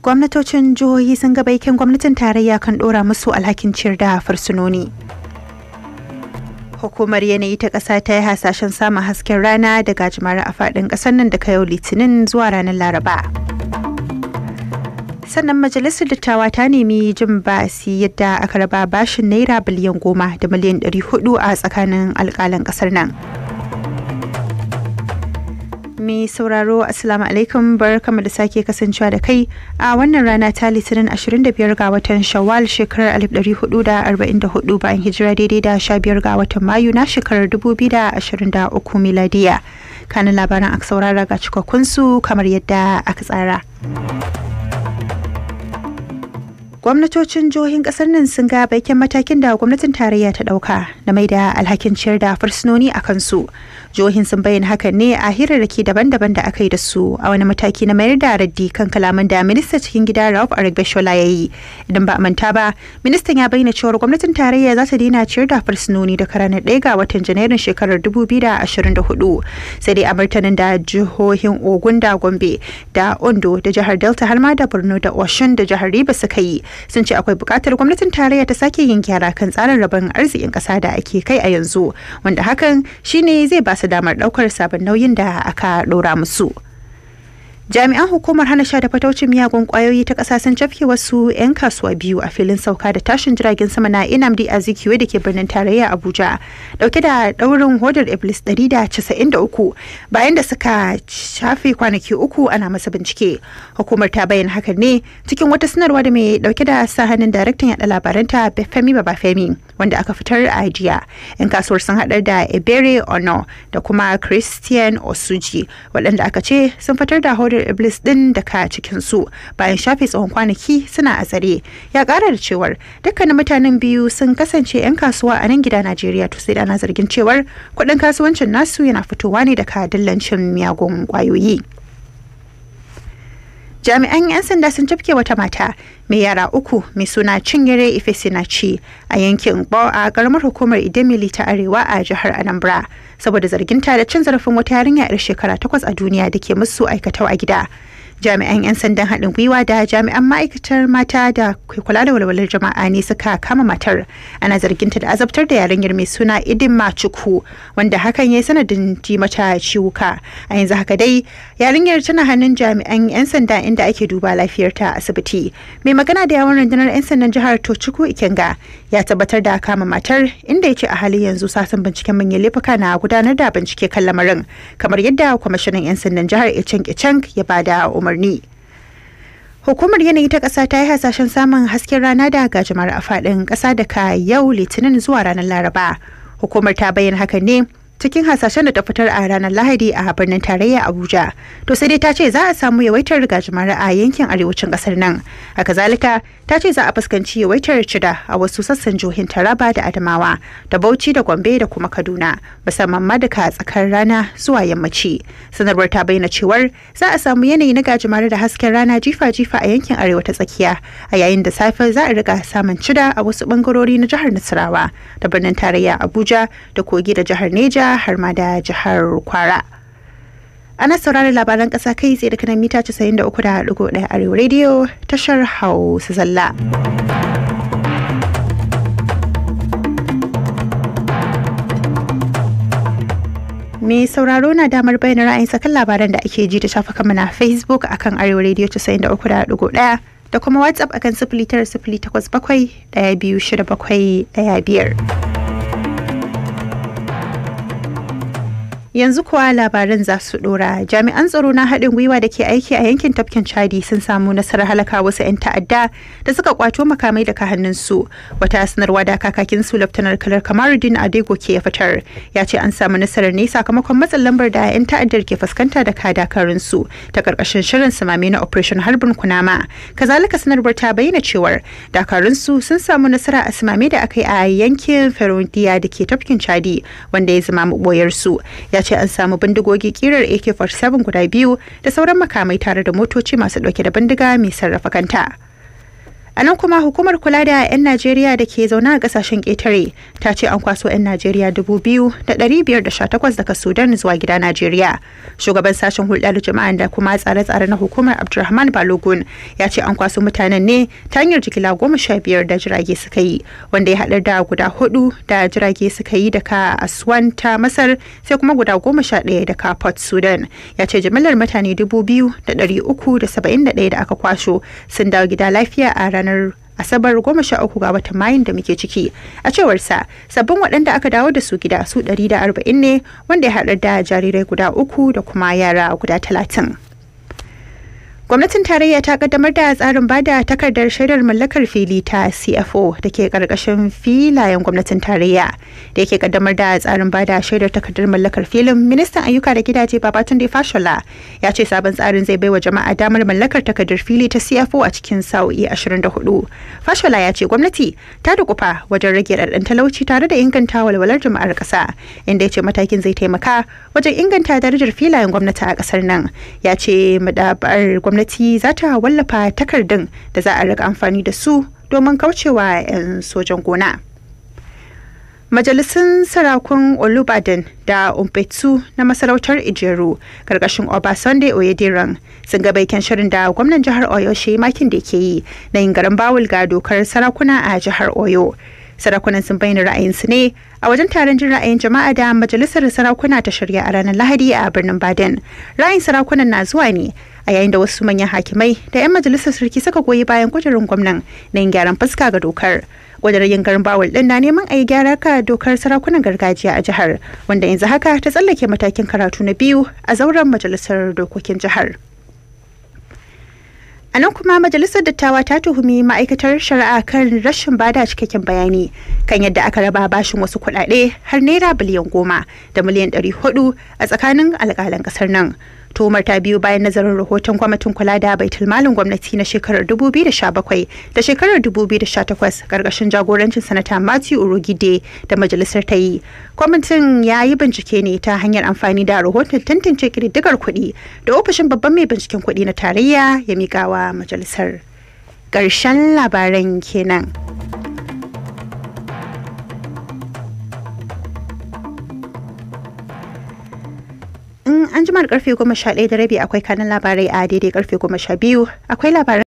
gwamnatocin jihohi sun ga baikin gwamnatin tarayya kan dora musu alhakin ciyar da fursunoni hukumar yanayi ta ƙasa ta yi hasashen samun hasken rana da gajimare a faɗin ƙasar nan daga yau litinin zuwa ranar laraba sannan majalisar dattawa ta nemi jin basi yadda aka raba bashin naira biliyan goma da miliyan 400 a tsakanin alƙalan ƙasar nan. mai sauraro Assalamu alaikum kama da sake kasancewa da kai a wannan rana ta Litinin 25 ga watan Shawwal shekarar 1444 bayan hijira daidai da 15 ga watan Mayu na shekarar 2023 miladiya. Kanin labaran aka saurara ga cikakkun su kamar yadda aka tsara. gwamnatocin jihohin kasar nan sun ga baikin matakin da gwamnatin tarayya ta dauka na mai da alhakin ciyar da fursunoni a kansu jihohin sun bayyana hakan ne a hirarraki daban-daban da aka yi da su a wani mataki na mayar da raddi kan kalaman da minista cikin gida Rauf Aragbeshola ya yi idan ba a manta ba ministan ya bayyana cewar gwamnatin tarayya za ta daina ciyar da fursunoni da ranar 1 ga watan janairun shekarar dubu biyu 2024 sai dai a martanin da jihohin Ogun da Gombe da Ondo da jihar Delta har ma da Borno da oshun da jihar riba suka yi sun ce akwai buƙatar gwamnatin tarayya ta sake yin gyara kan tsarin rabon arzikin ƙasa da ake kai a yanzu wanda hakan shine zai ba su damar ɗaukar sabon nauyin da aka ɗora musu. jami'an hukumar hana sha da fataucin miyagun kwayoyi ta ƙasa sun cafke wasu 'yan kasuwa biyu a filin sauka da tashin jiragen sama na inamdi zikiwe da ke birnin tarayya abuja dauke da daurin hodar iblis 193 bayan da suka shafe kwanaki uku ana masa bincike hukumar ta bayyana hakan ne cikin wata sanarwa da mai dauke da sa hannun daraktan yaɗa labaranta femi babafemi wanda aka fitar a jiya yan kasuwar sun haɗar da ebere ono da kuma christian osuji waɗanda aka ce sun fitar da hodar iblis ɗin daga cikinsu bayan shafe tsawon kwanaki suna a tsare ya kara da cewar dukkanin mutanen biyu sun kasance yan kasuwa a nan gida najeriya to sai da ana zargin cewar kuɗin kasuwancin nasu yana fitowa ne daga dillancin miyagun kwayoyi. jami'an 'yan sanda sun cafke wata mata mai yara uku mai suna cingire ifesinaci a yankin bo a karamar hukumar idemili ta arewa a jihar anambra saboda zarginta da cin zarafin wata yarinya 'yar shekara takwas a duniya da ke musu aikatau a gida jami'an 'yan sandan haɗin gwiwa da jami'an ma'aikatar mata da kula da walwalar jama'a ne suka kama matar ana zarginta da azabtar da yarinyar mai suna idin machuku wanda hakan ya yi sanadin ji mata ciwuka a yanzu haka dai yarinyar tana hannun jami'an 'yan sanda inda ake duba lafiyarta a asibiti mai magana da yawon rundunar 'yan sandan jihar tochuku ikenga ya tabbatar da kama matar inda ya ce a halin yanzu sasan binciken manyan laifuka na gudanar da bincike kan lamarin kamar yadda kwamishinan 'yan sandan jihar icheng icheng ya bada umar umarni Hukumar yanayi ta ƙasa ta yi hasashen samun hasken rana da gajimar a faɗin ƙasa daga yau litinin zuwa ranar Laraba. Hukumar ta bayyana hakan ne cikin hasashen da ta fitar a ranar Lahadi a birnin tarayya Abuja. To sai dai ta ce za a samu yawaitar rigajimar a yankin arewacin kasar nan. Haka zalika ta ce za a fuskanci yawaitar cida a wasu sassan jihohin Taraba da Adamawa da Bauchi da Gombe da kuma Kaduna musamman ma daga tsakar rana zuwa yammaci. Sanarwar ta bayyana cewar za a samu yanayi na gajimare da hasken rana jifa-jifa a yankin arewa ta tsakiya a yayin da safe za a riga samun cida a wasu bangarori na jihar Nasarawa da birnin tarayya Abuja da kogi da jihar Neja har ma da jihar Kwara. Ana sauraron labaran ƙasa kai tsaye da kanan mita 93.1 Arewa Radio tashar Hausa Zalla. Mai sauraro na damar bayyana ra'ayin kan labaran da ake ji ta shafukanmu na Facebook akan Arewa Radio 93.1 da kuma WhatsApp akan sifili tara sifili takwas bakwai ɗaya biyu shida bakwai ɗaya biyar. yanzu kuwa labaran za su dora jami'an tsaro na haɗin gwiwa da ke aiki a yankin tafkin chadi sun samu nasarar halaka wasu 'yan ta'adda da suka kwato makamai daga hannunsu wata sanarwa da kakakin su laftanar kalar kamaruddin adego ke ya fitar ya ce an samu nasarar ne sakamakon matsin lambar da 'yan ta'addar ke fuskanta da kadakarun su ta karkashin shirin samami na operation harbin kunama kazalika sanarwar ta bayyana cewar dakarun sun samu nasara a samami da aka yi a yankin ferodiya da ke tafkin chadi wanda ya zama maboyar su ya ce an samu bindigogi kirar AK-47 guda biyu da sauran makamai tare da motoci masu dauke da bindiga mai sarrafa kanta. a nan kuma hukumar kula da 'yan najeriya da ke zauna a kasashen ƙetare ta ce an kwaso 'yan najeriya takwas daga sudan zuwa gida najeriya shugaban sashen hulɗar jama'a da kuma tsare-tsare na hukumar abdulrahman balogun ya ce an kwaso mutanen ne ta hanyar jigila goma sha biyar da jirage suka yi wanda ya haɗar da guda hudu da jirage suka yi daga aswan ta masar sai kuma guda goma sha ɗaya daga port sudan ya ce jimillar mutane dubu biyu da da da saba'in ɗaya aka kwaso sun dawo gida lafiya a ranar ranar Asabar 13 ga watan Mayun da muke ciki. A cewar sa, sabbin waɗanda aka dawo da su gida su 140 ne wanda ya haɗar da jarirai guda uku da kuma yara guda 30. Gwamnatin tarayya ta kaddamar da tsarin bada takardar shaidar mallakar fili ta CFO da ke karkashin filayen gwamnatin tarayya da ke kaddamar da tsarin bada shaidar takardar mallakar filin ministan ayyuka da gidaje Babatunde Fashola ya ce sabon tsarin zai baiwa jama'a damar mallakar takardar fili ta CFO a cikin sa'o'i 24. Fashola ya ce gwamnati ta dukufa wajen rage raɗin talauci tare da inganta walwalar jama'ar ƙasa inda ya ce matakin zai taimaka wajen inganta darajar filayen gwamnati a ƙasar nan ya ce madabar gwamnati gwamnati za ta wallafa takardun da za a riga amfani da su domin kaucewa 'yan sojan gona. Majalisun Sarakun Olubadan da Umpetsu na masarautar Ijeru karkashin Obasanjo Oyediran sun ga baikin shirin da gwamnan jihar Oyo shi makin da ke yi na yin garin bawul ga dokar sarakuna a jihar Oyo. sarakunan sun bayyana su ne a wajen taron jin ra'ayin jama'a da majalisar sarakuna ta shirya a ranar lahadi a birnin baden ra'ayin sarakunan na zuwa ne a yayin da wasu manyan hakimai da 'yan majalisar sarki suka goyi bayan kujerun gwamnan na yin gyaran fuska ga dokar kudurin garin bawul din na neman a yi gyara ka dokar sarakunan gargajiya a jihar wanda yanzu haka ta tsallake matakin karatu na biyu a zauren majalisar dokokin jihar. A nan kuma majalisar dattawa ta tuhumi ma'aikatar shari'a kan rashin bada cikakken bayani kan yadda aka raba bashin wasu kuɗaɗe har naira biliyan goma da miliyan ɗari hudu a tsakanin alƙalan ƙasar nan. tuhumar ta biyu bayan nazarin rahoton kwamitin kula da baitul malin gwamnati na shekarar 2017 da shekarar 2018 karkashin jagorancin sanata matthew urugide da majalisar ta yi kwamitin ya yi bincike ne ta hanyar amfani da rahoton tantance kididdigar kuɗi da ofishin babban mai binciken kuɗi na tarayya ya miƙawa majalisar ƙarshen labaran kenan. Musamman karfe goma ɗaya da rabi akwai kanan labarai a daidai karfe biyu akwai labarai